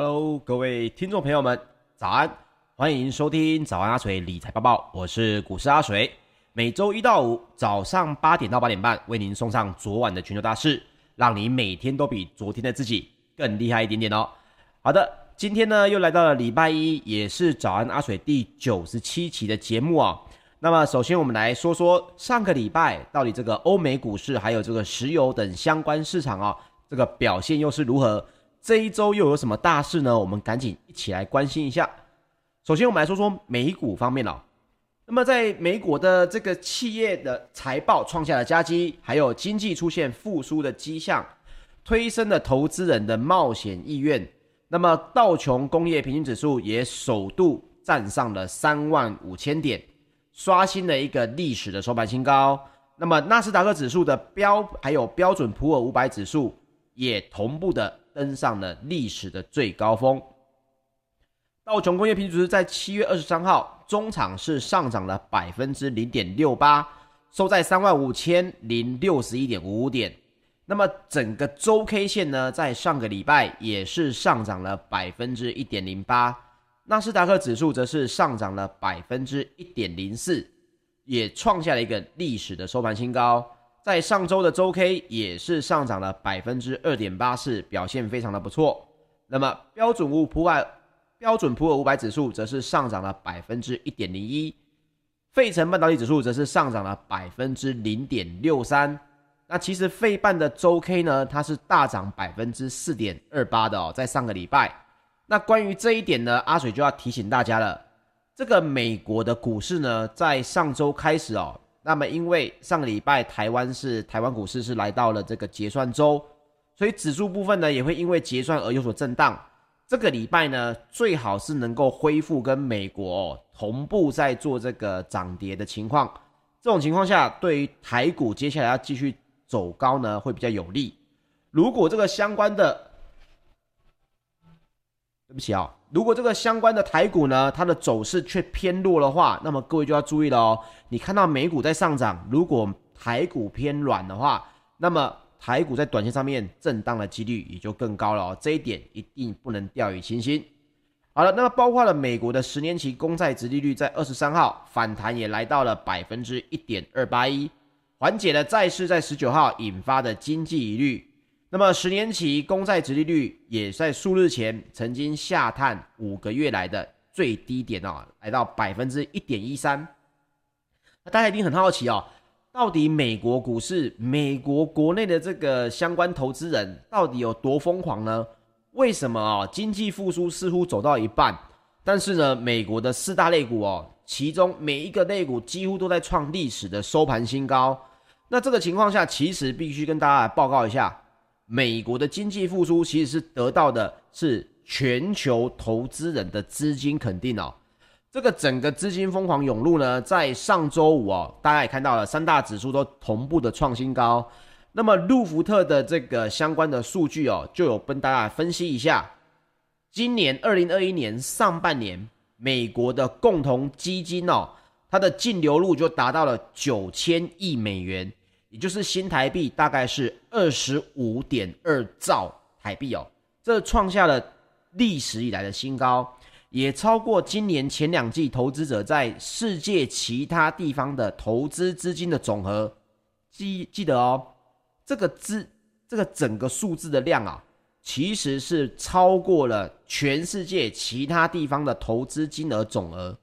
哈嘍，各位聽眾朋友們，早安！歡迎收聽《早安阿水理財報報》，我是股市阿水。每周一到五早上八點到八點半，為您送上昨晚的全球大事，讓你每天都比昨天的自己更厲害一點點哦。好的，今天呢又來到了禮拜一，也是早安阿水第九十七期的節目啊、哦。那麼首先我們來說說上個禮拜到底這個歐美股市還有這個石油等相關市場啊、哦、這個表現又是如何？這一周又有什麼大事呢？我們趕緊一起來關心一下。首先，我們來說說美股方面了。那麼，在美國的這個企業的財報創下了佳績，還有經濟出現復甦的跡象，推升了投資人的冒險意願。那麼，道瓊工業平均指數也首度站上了三萬五千點，刷新了一個歷史的收盤新高。那麼，納斯達克指數的標還有標準普爾五百指數也同步的。登上了歷史的最高峰。道瓊工業平均指數在七月二十三號中場是上漲了百分之零點六八，收在三萬五千零六十一點五五點。那麼整個周 K 線呢，在上個禮拜也是上漲了百分之一點零八。納斯達克指數則是上漲了百分之一點零四，也創下了一個歷史的收盤新高。在上周的周 K 也是上漲了百分之二點八四，表現非常的不錯。那麼標準普爾標準普爾五百指數則是上漲了百分之一點零一，費城半導體指數則是上漲了百分之零點六三。那其實費半的周 K 呢，它是大漲百分之四點二八的喔，在上個禮拜。那關於這一點呢，阿水就要提醒大家了，這個美國的股市呢，在上周開始喔。那麼，因為上個禮拜台灣是台灣股市是來到了這個結算週，所以指數部分呢，也會因為結算而有所震盪。這個禮拜呢，最好是能夠恢復跟美國、哦、同步在做這個漲跌的情況。這種情況下，對於台股接下來要繼續走高呢，會比較有利。如果這個相關的，對不起啊、哦。如果這個相關的台股呢，它的走勢卻偏弱的話，那麼各位就要注意了哦。你看到美股在上漲，如果台股偏軟的話，那麼台股在短線上面震盪的幾率也就更高了哦。這一點一定不能掉以輕心。好了，那麼包括了美國的十年期公債殖利率在二十三號反彈，也來到了百分之一點二八一，緩解了債市在十九號引發的經濟疑慮。那麼，十年期公債殖利率也在數日前曾經下探五個月來的最低點啊，來到百分之一點一三。那大家一定很好奇哦、啊，到底美國股市、美國國內的這個相關投資人到底有多瘋狂呢？為什麼啊？經濟復甦似乎走到一半，但是呢，美國的四大類股哦、啊，其中每一個類股幾乎都在創歷史的收盤新高。那這個情況下，其實必須跟大家來報告一下。美國的經濟復甦其實是得到的是全球投資人的資金肯定哦，這個整個資金瘋狂湧入呢，在上周五哦，大家也看到了三大指數都同步的創新高，那麼路福特的這個相關的數據哦，就有跟大家分析一下，今年二零二一年上半年，美國的共同基金哦，它的淨流入就達到了九千億美元。也就是新台幣大概是二十五點二兆台幣哦，這創下了歷史以來的新高，也超過今年前兩季投資者在世界其他地方的投資資金的總和。記記得哦，這個資這個整個數字的量啊，其實是超過了全世界其他地方的投資金額總額。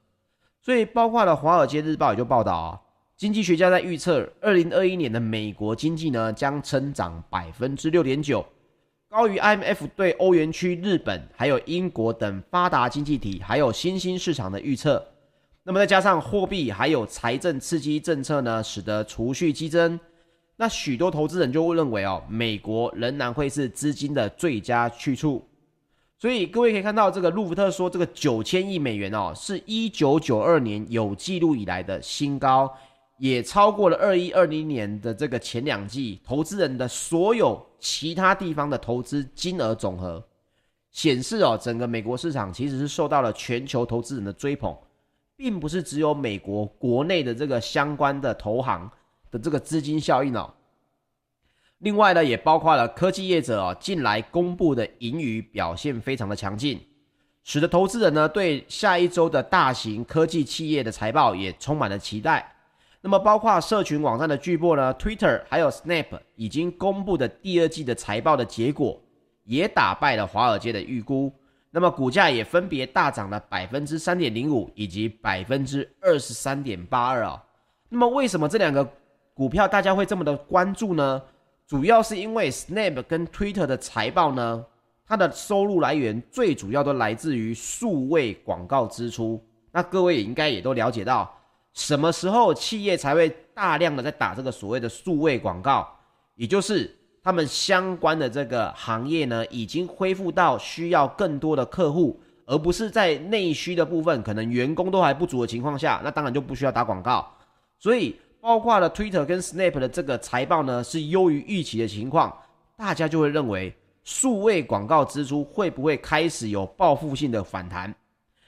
所以包括了《華爾街日報》也就報道啊、哦。經濟學家在預測，二零二一年的美國經濟呢將增長百分之六點九，高於 IMF 對歐元區、日本還有英國等發達經濟體，還有新興市場的預測。那麼再加上貨幣還有財政刺激政策呢，使得儲蓄激增。那許多投資人就會認為哦，美國仍然會是資金的最佳去處。所以各位可以看到，這個路福特說，這個九千億美元哦，是一九九二年有記錄以來的新高。也超過了二零二零年的這個前兩季投資人的所有其他地方的投資金額總和，顯示哦，整個美國市場其實是受到了全球投資人的追捧，並不是只有美國國內的這個相關的投行的這個資金效應哦。另外呢，也包括了科技業者哦，近來公布的盈餘表現非常的強勁，使得投資人呢對下一周的大型科技企業的財報也充滿了期待。那麼，包括社群網站的巨擘呢，Twitter，還有 Snap 已經公布的第二季的財報的結果，也打敗了華爾街的預估。那麼，股價也分別大漲了百分之三點零五以及百分之二十三點八二啊。那麼，為什麼這兩個股票大家會這麼的關注呢？主要是因為 Snap 跟 Twitter 的財報呢，它的收入來源最主要都來自於數位廣告支出。那各位也應該也都了解到。什麼時候企業才會大量的在打這個所謂的數位廣告？也就是他們相關的這個行業呢，已經恢復到需要更多的客戶，而不是在內需的部分可能員工都還不足的情況下，那當然就不需要打廣告。所以，包括了 Twitter 跟 Snap 的這個財報呢是優於預期的情況，大家就會認為數位廣告支出會不會開始有報復性的反彈？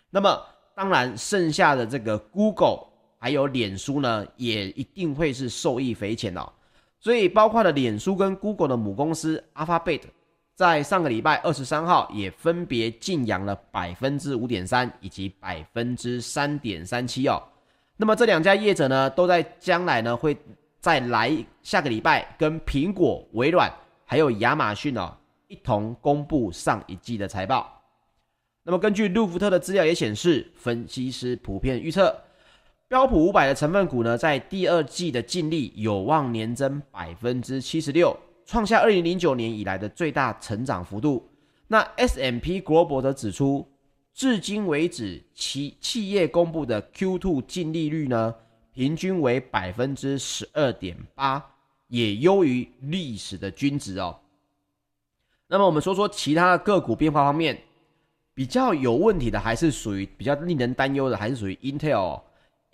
那麼，當然剩下的這個 Google。還有臉書呢，也一定會是受益匪淺哦。所以，包括了臉書跟 Google 的母公司 Alphabet，在上個禮拜二十三號也分別勁揚了百分之五點三以及百分之三點三七哦。那麼這兩家業者呢，都在將來呢會再來下個禮拜跟蘋果、微軟還有亞馬遜哦一同公布上一季的財報。那麼根據路孚特的資料也顯示，分析師普遍預測。標普五百的成分股呢，在第二季的淨利有望年增百分之七十六，創下二零零九年以來的最大成長幅度。那 S&P Global 則指出，至今為止其企業公布的 Q2 淨利率呢，平均為百分之十二點八，也優於歷史的均值哦。那麼我們說說其他的個股變化方面，比較有問題的還是屬於比較令人擔憂的，還是屬於 Intel 哦。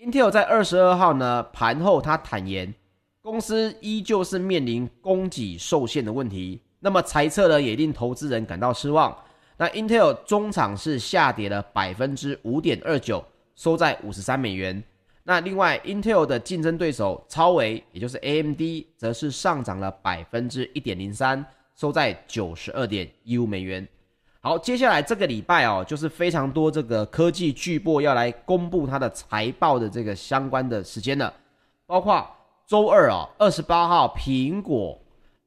Intel 在二十二號呢盤後，他坦言公司依舊是面臨供給受限的問題。那麼裁撤呢也令投資人感到失望。那 Intel 中場是下跌了百分之五點二九，收在五十三美元。那另外，Intel 的競爭對手超微，也就是 AMD，則是上漲了百分之一點零三，收在九十二點一五美元。好，接下來這個禮拜哦，就是非常多這個科技巨擘，要來公布它的財報的這個相關的時間了，包括周二啊、哦，二十八號，蘋果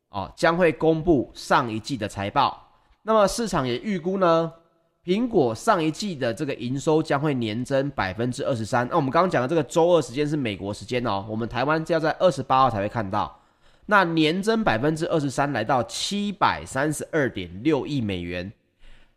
啊、哦，將會公布上一季的財報。那麼市場也預估呢，蘋果上一季的這個營收將會年增百分之二十三。那我們剛剛講的這個周二時間是美國時間哦，我們台灣只要在二十八號才會看到。那年增百分之二十三，來到七百三十二點六億美元。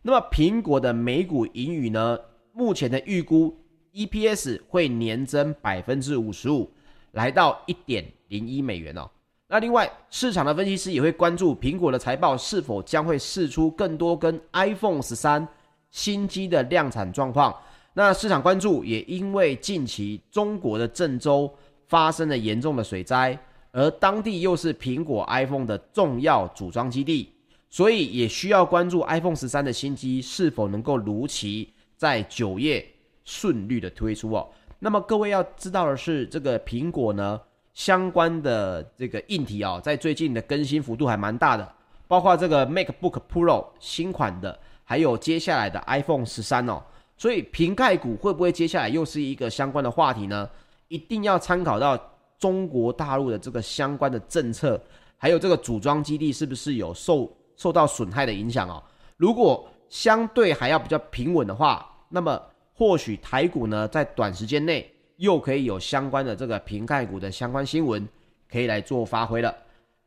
那麼蘋果的每股盈餘呢？目前的預估 EPS 會年增百分之五十五，來到一點零一美元哦。那另外，市場的分析師也會關注蘋果的財報是否將會釋出更多跟 iPhone 十三新機的量產狀況。那市場關注也因為近期中國的鄭州發生了嚴重的水災，而當地又是蘋果 iPhone 的重要組裝基地。所以也需要關注 iPhone 十三的新機是否能夠如期在九月順利的推出哦。那麼各位要知道的是，這個蘋果呢相關的這個硬體哦，在最近的更新幅度還蠻大的，包括這個 MacBook Pro 新款的，還有接下來的 iPhone 十三哦。所以，蘋概股會不會接下來又是一個相關的話題呢？一定要參考到中國大陸的這個相關的政策，還有這個組裝基地是不是有受。受到損害的影響哦。如果相對還要比較平穩的話，那麼或許台股呢，在短時間內又可以有相關的這個蘋概股的相關新聞可以來做發揮了。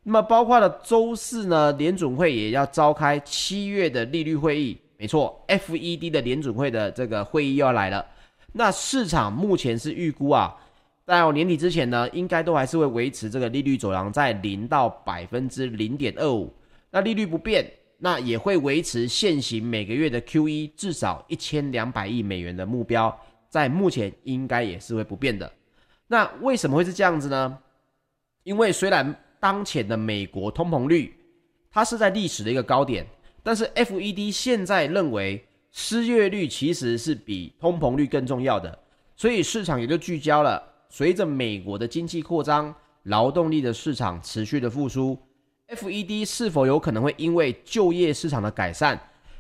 那麼包括了周四呢，聯準會也要召開七月的利率會議，沒錯，FED 的聯準會的這個會議又要來了。那市場目前是預估啊，在年底之前呢，應該都還是會維持這個利率走廊在零到百分之零點二五。那利率不變，那也會維持現行每個月的 QE 至少一千兩百億美元的目標，在目前應該也是會不變的。那為什麼會是這樣子呢？因為雖然當前的美國通膨率它是在歷史的一個高點，但是 FED 現在認為失業率其實是比通膨率更重要的，所以市場也就聚焦了。隨着美國的經濟擴張，勞動力的市場持續的復甦。FED 是否有可能會因為就業市場的改善，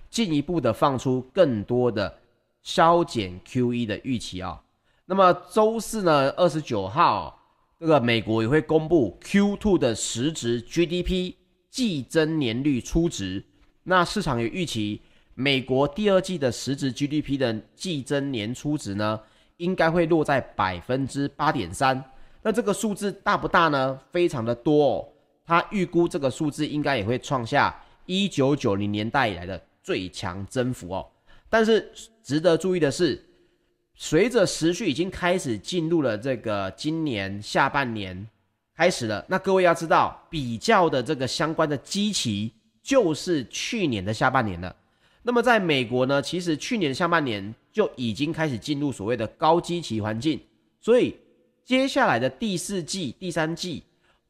進一步的放出更多的削減 QE 的預期啊、哦？那麼周四呢，二十九號、哦，這個美國也會公布 Q2 的實質 GDP 季增年率初值。那市場也預期，美國第二季的實質 GDP 的季增年初值呢，應該會落在百分之八點三。那這個數字大不大呢？非常的多哦。他預估這個數字應該也會創下一九九零年代以來的最強增幅哦。但是值得注意的是，隨着時序已經開始進入了這個今年下半年開始了，那各位要知道比較的這個相關的基期就是去年的下半年了。那麼在美國呢，其實去年的下半年就已經開始進入所謂的高基期環境，所以接下來的第四季、第三季。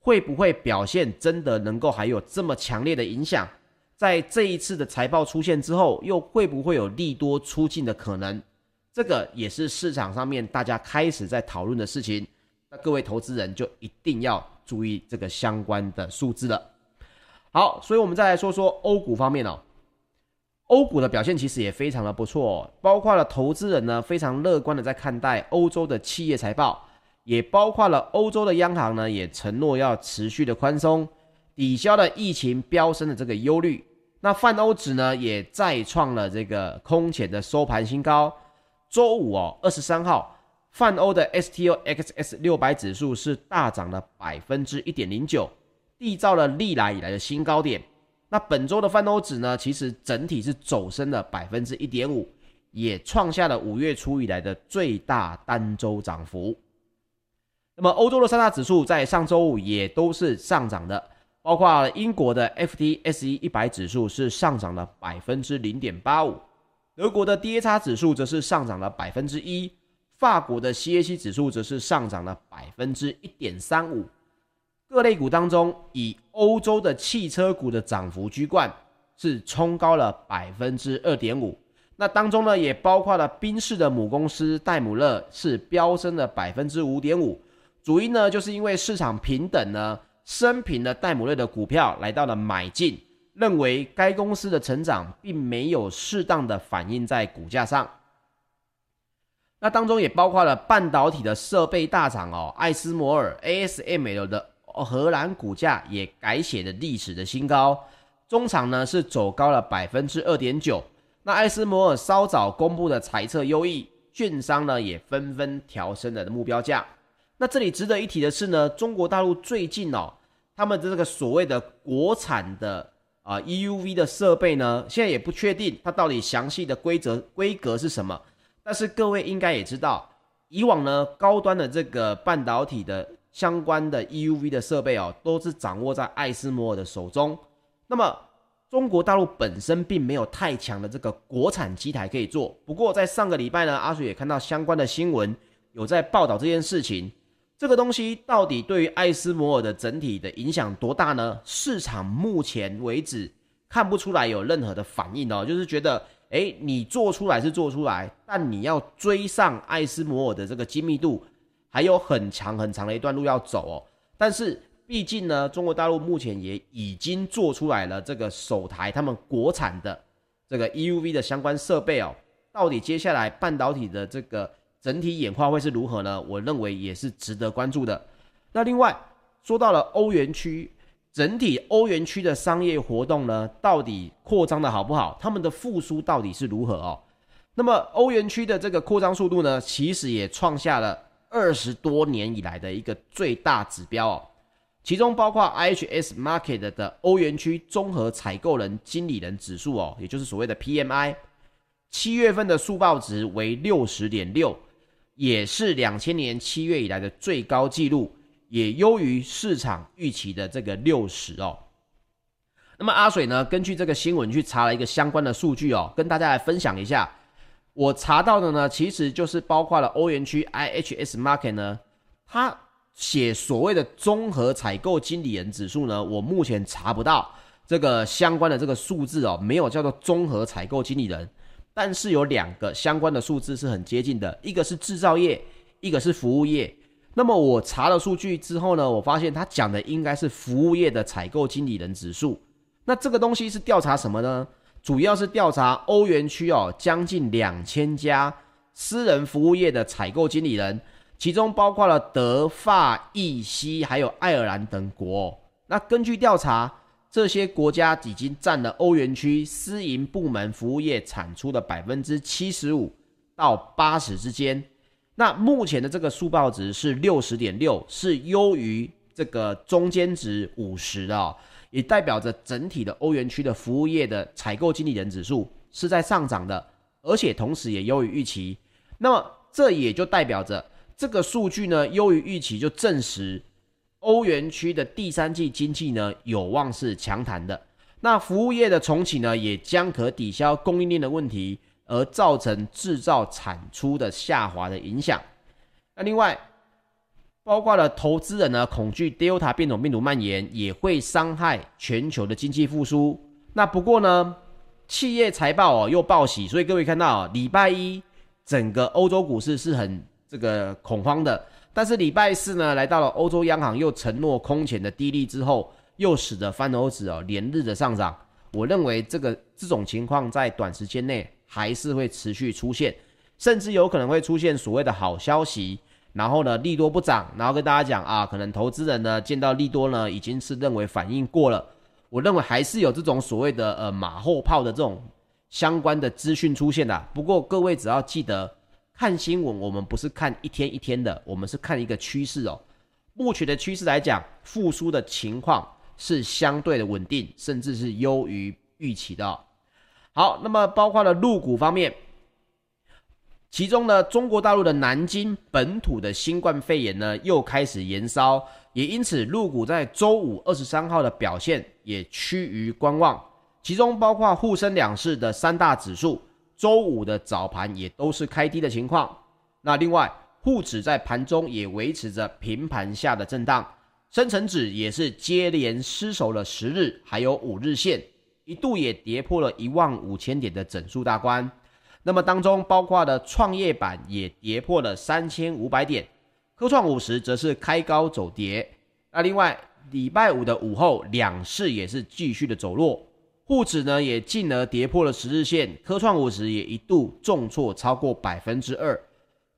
會不會表現真的能夠還有這麼強烈的影響？在這一次的財報出現之後，又會不會有利多出盡的可能？這個也是市場上面大家開始在討論的事情。那各位投資人就一定要注意這個相關的數字了。好，所以我們再來說說歐股方面哦，歐股的表現其實也非常的不錯哦，包括了投資人呢非常樂觀的在看待歐洲的企業財報。也包括了歐洲的央行呢，也承諾要持續的寬鬆，抵消了疫情飆升的這個憂慮。那泛歐指呢，也再創了這個空前的收盤新高。週五哦，二十三號，泛歐的 STOXX 六百指數是大漲了百分之一點零九，締造了歷來以來的新高點。那本週的泛歐指呢，其實整體是走升了百分之一點五，也創下了五月初以來的最大單週漲幅。那麼，歐洲的三大指數在上周五也都是上漲的，包括英國的 FTSE 一百指數是上漲了百分之零點八五，德國的 DAX 指數則是上漲了百分之一，法國的 CAC 指數則是上漲了百分之一點三五。各類股當中，以歐洲的汽車股的漲幅居冠，是衝高了百分之二點五。那當中呢，也包括了賓士的母公司戴姆勒是飆升了百分之五點五。主因呢，就是因為市場評等呢，升評了戴姆勒的股票來到了買進，認為該公司的成長並沒有適當的反映在股價上。那當中也包括了半導體的設備大廠哦，艾斯摩爾 （ASML） 的荷蘭股價也改寫了歷史的新高，中場呢是走高了百分之二點九。那艾斯摩爾稍早公布的財測優異，券商呢也紛紛調升了的目標價。那這裡值得一提的是呢，中國大陸最近哦，他們的這個所謂的國產的啊、呃、EUV 的設備呢，現在也不確定它到底詳細的規則規格是什麼。但是各位應該也知道，以往呢高端的這個半導體的相關的 EUV 的設備哦，都是掌握在艾司摩爾的手中。那麼中國大陸本身並沒有太強的這個國產機台可以做。不過在上個禮拜呢，阿水也看到相關的新聞有在報道這件事情。這個東西到底對於艾斯摩爾的整體的影響多大呢？市場目前為止看不出來有任何的反應哦，就是覺得，誒，你做出來是做出來，但你要追上艾斯摩爾的這個精密度，還有很長很長的一段路要走哦。但是畢竟呢，中國大陸目前也已經做出來了這個首台他們國產的這個 EUV 的相關設備哦。到底接下來半導體的這個整體演化會是如何呢？我認為也是值得關注的。那另外說到了歐元區，整體歐元區的商業活動呢，到底擴張的好不好？他們的復甦到底是如何哦？那麼歐元區的這個擴張速度呢，其實也創下了二十多年以來的一個最大指標哦。其中包括 IHS Market 的歐元區綜合採購人經理人指數哦，也就是所謂的 PMI，七月份的速報值為六十點六。也是兩千年七月以來的最高紀錄，也優於市場預期的這個六十哦。那麼阿水呢，根據這個新聞去查了一個相關的數據哦，跟大家來分享一下。我查到的呢，其實就是包括了歐元區 IHS Market 呢，它寫所謂的綜合採購經理人指數呢，我目前查不到這個相關的這個數字哦，沒有叫做綜合採購經理人。但是有兩個相關的數字是很接近的，一個是製造業，一個是服務業。那麼我查了數據之後呢，我發現他講的應該是服務業的採購經理人指數。那這個東西是調查什麼呢？主要是調查歐元區哦，將近兩千家私人服務業的採購經理人，其中包括了德、法、意、西，還有愛爾蘭等國。那根據調查，這些國家已經佔了歐元區私營部門服務業產出的百分之七十五到八十之間。那目前的這個速報值是六十點六，是優於這個中間值五十的哦，也代表着整體的歐元區的服務業的採購經理人指數是在上漲的，而且同時也優於預期。那麼這也就代表着這個數據呢，優於預期就證實。歐元區的第三季經濟呢，有望是強彈的。那服務業的重啟呢，也將可抵消供應鏈的問題，而造成製造產出的下滑的影響。那另外，包括了投資人呢，恐懼 Delta 變種病毒蔓延，也會傷害全球的經濟復甦。那不過呢，企業財報又報喜，所以各位看到啊禮拜一，整個歐洲股市是很這個恐慌的。但是禮拜四呢，來到了歐洲央行又承諾空前的低利之後，又使得泛歐指哦連日的上漲。我認為這個這種情況在短時間內還是會持續出現，甚至有可能會出現所謂的好消息，然後呢利多不漲，然後跟大家講啊，可能投資人呢見到利多呢已經是認為反應過了。我認為還是有這種所謂的呃馬後炮的這種相關的資訊出現的。不過各位只要記得，看新聞，我們不是看一天一天的，我們是看一個趨勢哦。目前的趨勢來講，復甦的情況是相對的穩定，甚至是優於預期的哦。好，那麼包括了陸股方面，其中呢，中國大陸的南京本土的新冠肺炎呢又開始延燒，也因此陸股在週五二十三號的表現也趨於觀望，其中包括滬深兩市的三大指數。週五的早盤也都是開低的情況，那另外滬指在盤中也維持着平盤下的震盪，深成指也是接連失守了十日還有五日線，一度也跌破了一萬五千點的整數大關，那麼當中包括了創業板也跌破了三千五百點，科創五十則是開高走跌，那另外禮拜五的午後兩市也是繼續的走弱。滬指呢也進而跌破了十日線，科創五十也一度重挫超過百分之二。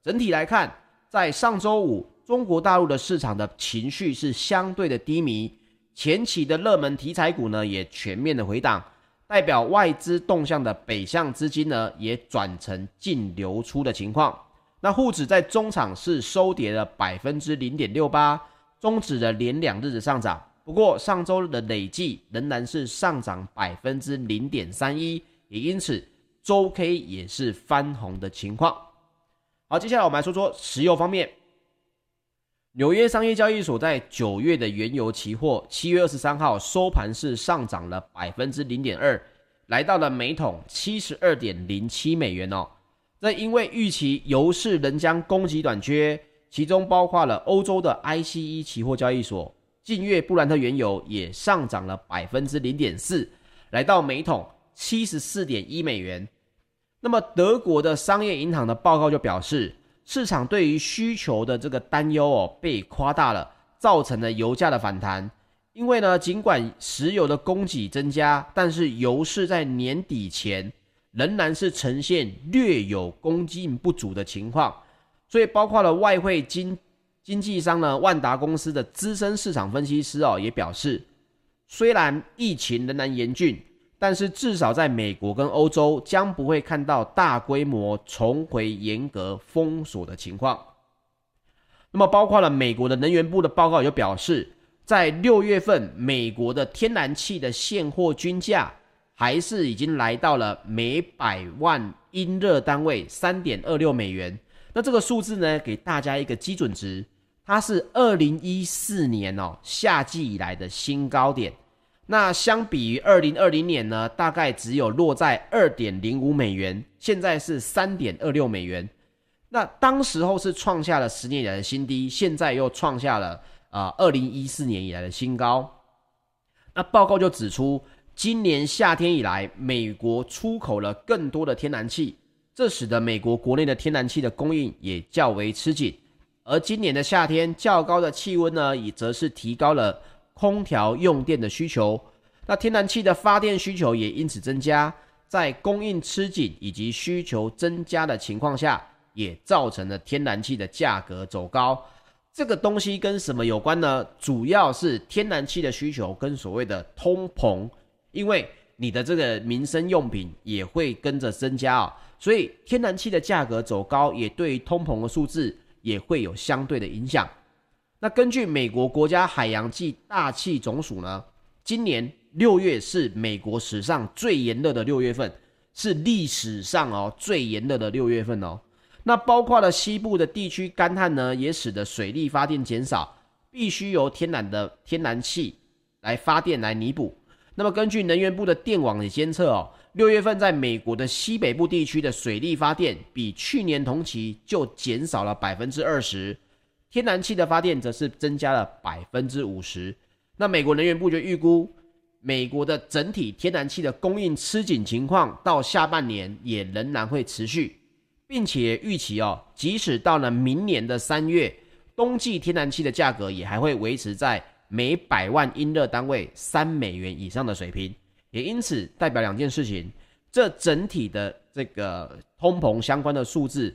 整體來看，在上周五，中國大陸的市場的情緒是相對的低迷，前期的熱門題材股呢也全面的回檔，代表外資動向的北向資金呢也轉成淨流出的情況。那滬指在中場是收跌了百分之零點六八，終止了連兩日的上漲。不過上周日的累計仍然是上漲百分之零點三一，也因此周 K 也是翻紅的情況。好，接下來我們來說說石油方面，紐約商業交易所，在九月的原油期貨七月二十三號收盤是上漲了百分之零點二，來到了每桶七十二點零七美元哦。這因為預期油市仍將供給短缺，其中包括了歐洲的 ICE 期貨交易所。近月布蘭特原油也上漲了百分之零點四，來到每桶七十四點一美元。那麼德國的商業銀行的報告就表示，市場對於需求的這個擔憂哦被誇大了，造成了油價的反彈。因為呢，儘管石油的供給增加，但是油市在年底前仍然是呈現略有供給不足的情況，所以包括了外匯金。經紀商呢，萬達公司的資深市場分析師哦也表示，雖然疫情仍然嚴峻，但是至少在美國跟歐洲將不會看到大規模重回嚴格封鎖的情況。那麼，包括了美國的能源部的報告也就表示，在六月份，美國的天然氣的現貨均價還是已經來到了每百萬英熱單位三點二六美元。那這個數字呢，給大家一個基準值。它是二零一四年哦夏季以來的新高點，那相比於二零二零年呢，大概只有落在二點零五美元，現在是三點二六美元。那當時候是創下了十年以來的新低，現在又創下了啊二零一四年以來的新高。那報告就指出，今年夏天以來，美國出口了更多的天然氣，這使得美國國內的天然氣的供應也較為吃緊。而今年的夏天，較高的氣溫呢，也則是提高了空調用電的需求，那天然氣的發電需求也因此增加。在供應吃緊以及需求增加的情況下，也造成了天然氣的價格走高。這個東西跟什麼有關呢？主要是天然氣的需求跟所謂的通膨，因為你的這個民生用品也會跟着增加啊、哦，所以天然氣的價格走高也對於通膨的數字。也會有相對的影響。那根據美國國家海洋暨大氣總署呢，今年六月是美國史上最炎熱的六月份，是歷史上哦最炎熱的六月份哦。那包括了西部的地區乾旱呢，也使得水力發電減少，必須由天然的天然氣來發電來彌補。那麼根據能源部的電網的監測哦。六月份，在美國的西北部地區的水力發電比去年同期就減少了百分之二十，天然氣的發電則是增加了百分之五十。那美國能源部就預估，美國的整體天然氣的供應吃緊情況到下半年也仍然會持續，並且預期哦，即使到了明年的三月，冬季天然氣的價格也還會維持在每百萬英熱單位三美元以上的水平。也因此代表兩件事情，這整體的這個通膨相關的數字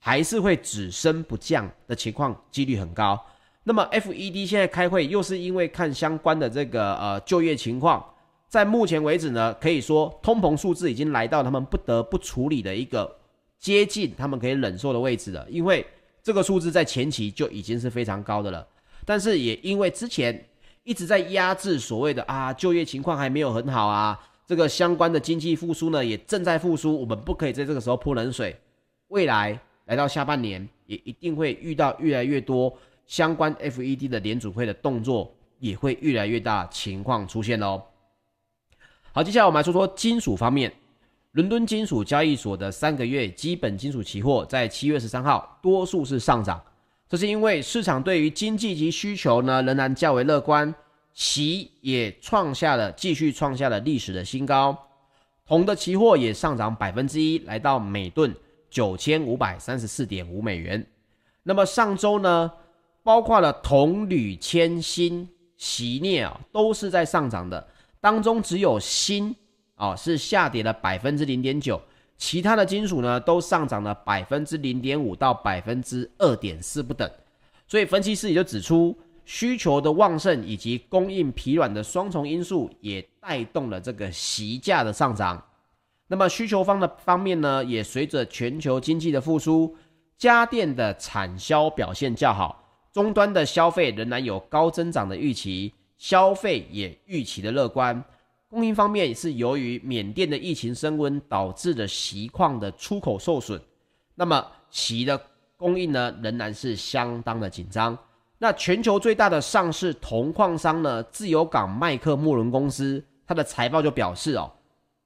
還是會只升不降的情況幾率很高。那麼 FED 現在開會又是因為看相關的這個呃就業情況，在目前為止呢，可以說通膨數字已經來到他們不得不處理的一個接近他們可以忍受的位置了，因為這個數字在前期就已經是非常高的了，但是也因為之前，一直在壓制所謂的啊，就業情況還沒有很好啊，這個相關的經濟復甦呢也正在復甦，我們不可以在這個時候潑冷水。未來來到下半年，也一定會遇到越來越多相關 FED 的聯儲會的動作也會越來越大情況出現哦。好，接下來我們來說說金屬方面，倫敦金屬交易所的三個月基本金屬期貨在七月十三號多數是上漲。這是因為市場對於經濟及需求呢仍然較為樂觀，錫也創下了繼續創下了歷史的新高，銅的期貨也上漲百分之一，來到每噸九千五百三十四點五美元。那麼上週呢，包括了銅、鋁、鉛、鋅、錫、鎳啊、哦，都是在上漲的，當中只有鋅啊、哦、是下跌了百分之零點九。其他的金屬呢，都上漲了百分之零點五到百分之二點四不等，所以分析師也就指出，需求的旺盛以及供應疲軟的雙重因素也帶動了這個錫價的上漲。那麼需求方的方面呢，也隨着全球經濟的復甦，家電的產銷表現較好，終端的消費仍然有高增長的預期，消費也預期的樂觀。供應方面也是由於緬甸的疫情升溫導致的錫礦的出口受損，那麼錫的供應呢，仍然是相當的緊張。那全球最大的上市銅礦商呢，自由港麥克莫倫公司，它的財報就表示哦，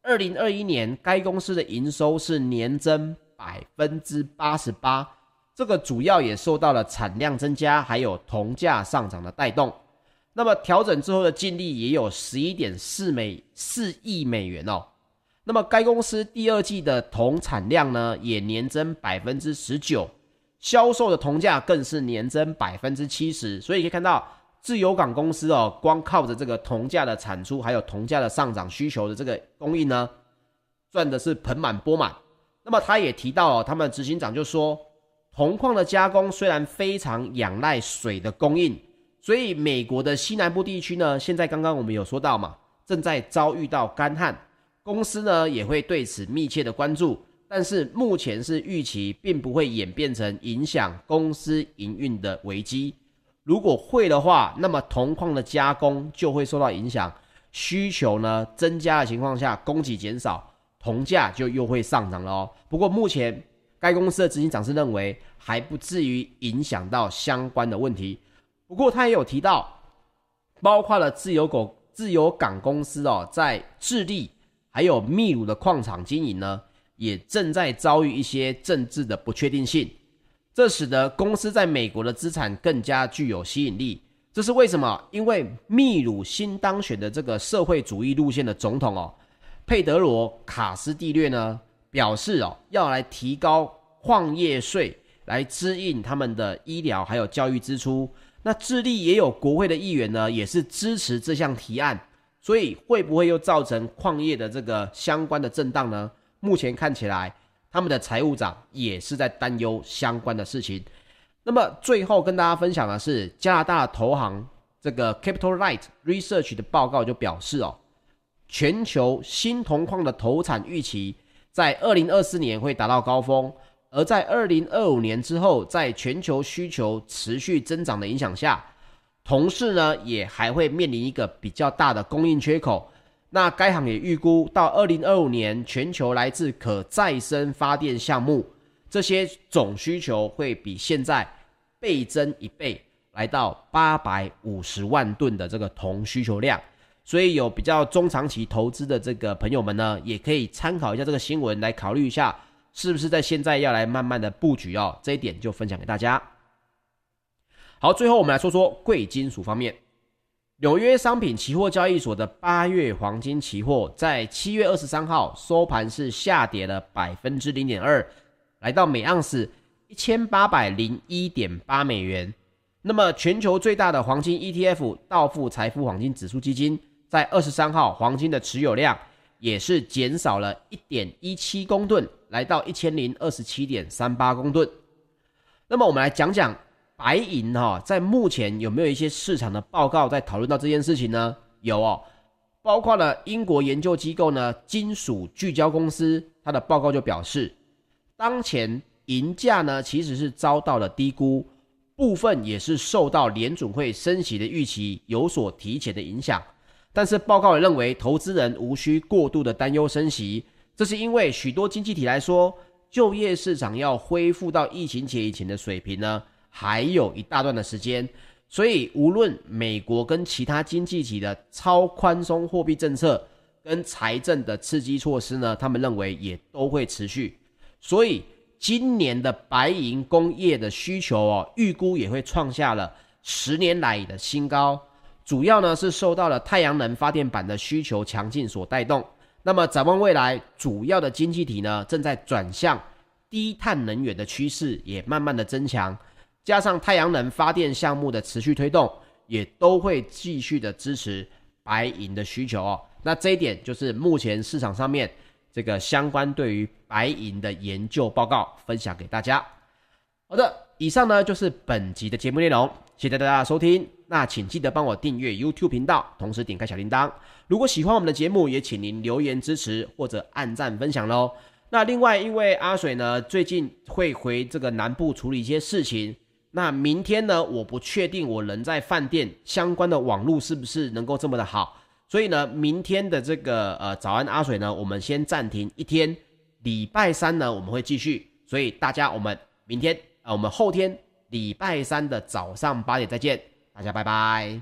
二零二一年該公司的營收是年增百分之八十八，這個主要也受到了產量增加還有銅價上漲的帶動。那麼調整之後的淨利也有十一點四美四億美元哦。那麼該公司第二季的銅產量呢，也年增百分之十九，銷售的銅價更是年增百分之七十。所以可以看到，自由港公司哦，光靠着這個銅價的產出，還有銅價的上漲需求的這個供應呢，賺的是盆滿缽滿。那麼他也提到哦，他們執行長就說，銅礦的加工雖然非常仰賴水的供應。所以，美國的西南部地區呢，現在剛剛我們有說到嘛，正在遭遇到乾旱，公司呢也會對此密切的關注。但是目前是預期，並不會演變成影響公司營運的危機。如果會的話，那麼銅礦的加工就會受到影響。需求呢增加的情況下，供給減少，銅價就又會上漲了哦。不過目前該公司的執行長是認為還不至於影響到相關的問題。不過，他也有提到，包括了自由港自由港公司哦，在智利還有秘魯的礦場經營呢，也正在遭遇一些政治的不確定性。這使得公司在美國的資產更加具有吸引力。這是為什麼？因為秘魯新當選的這個社會主義路線的總統哦，佩德羅·卡斯蒂略呢，表示哦，要來提高礦業稅，來支應他們的醫療還有教育支出。那智利也有國會的議員呢，也是支持這項提案，所以會不會又造成礦業的這個相關的震盪呢？目前看起來，他們的財務長也是在擔憂相關的事情。那麼最後跟大家分享的是，加拿大的投行這個 Capital Light Research 的報告就表示哦，全球鋅銅礦的投產預期在二零二四年會達到高峰。而在二零二五年之後，在全球需求持續增長的影響下，銅市呢也還會面臨一個比較大的供應缺口。那該行也預估到二零二五年，全球來自可再生發電項目這些總需求會比現在倍增一倍，來到八百五十萬噸的這個銅需求量。所以有比較中長期投資的這個朋友們呢，也可以參考一下這個新聞來考慮一下。是不是在現在要來慢慢的布局哦，這一點就分享給大家。好，最後我們來說說貴金屬方面。紐約商品期貨交易所的八月黃金期貨在七月二十三號收盤是下跌了百分之零點二，來到每盎司一千八百零一點八美元。那麼，全球最大的黃金 ETF 道富財富黃金指數基金在二十三號黃金的持有量也是減少了一點一七公噸。來到一千零二十七點三八公噸。那麼我們來講講白銀哈、哦，在目前有沒有一些市場的報告在討論到這件事情呢？有哦，包括了英國研究機構呢金屬聚焦公司，它的報告就表示，當前銀價呢其實是遭到了低估，部分也是受到聯準會升息的預期有所提前的影響。但是報告也認為，投資人無需過度的擔憂升息。這是因為許多經濟體來說，就業市場要恢復到疫情前以前的水平呢，還有一大段的時間。所以，無論美國跟其他經濟體的超寬鬆貨幣政策跟財政的刺激措施呢，他們認為也都會持續。所以，今年的白銀工業的需求哦，預估也會創下了十年來的新高，主要呢，是受到了太陽能發電板的需求強勁所帶動。那麼展望未來，主要的經濟體呢，正在轉向低碳能源的趨勢也慢慢的增強，加上太陽能發電項目的持續推動，也都會繼續的支持白銀的需求哦。那這一點就是目前市場上面這個相關對於白銀的研究報告分享給大家。好的，以上呢就是本集的節目內容，謝謝大家的收聽。那請記得幫我訂閱 YouTube 頻道，同時點開小鈴鐺。如果喜歡我們的節目，也請您留言支持或者按讚分享嘍。那另外，因為阿水呢最近會回這個南部處理一些事情，那明天呢我不確定我人在飯店相關的網絡是不是能夠這麼的好，所以呢明天的這個呃早安阿水呢我們先暫停一天，禮拜三呢我們會繼續，所以大家我們明天啊，呃，我們後天禮拜三的早上八點再見。大家拜拜。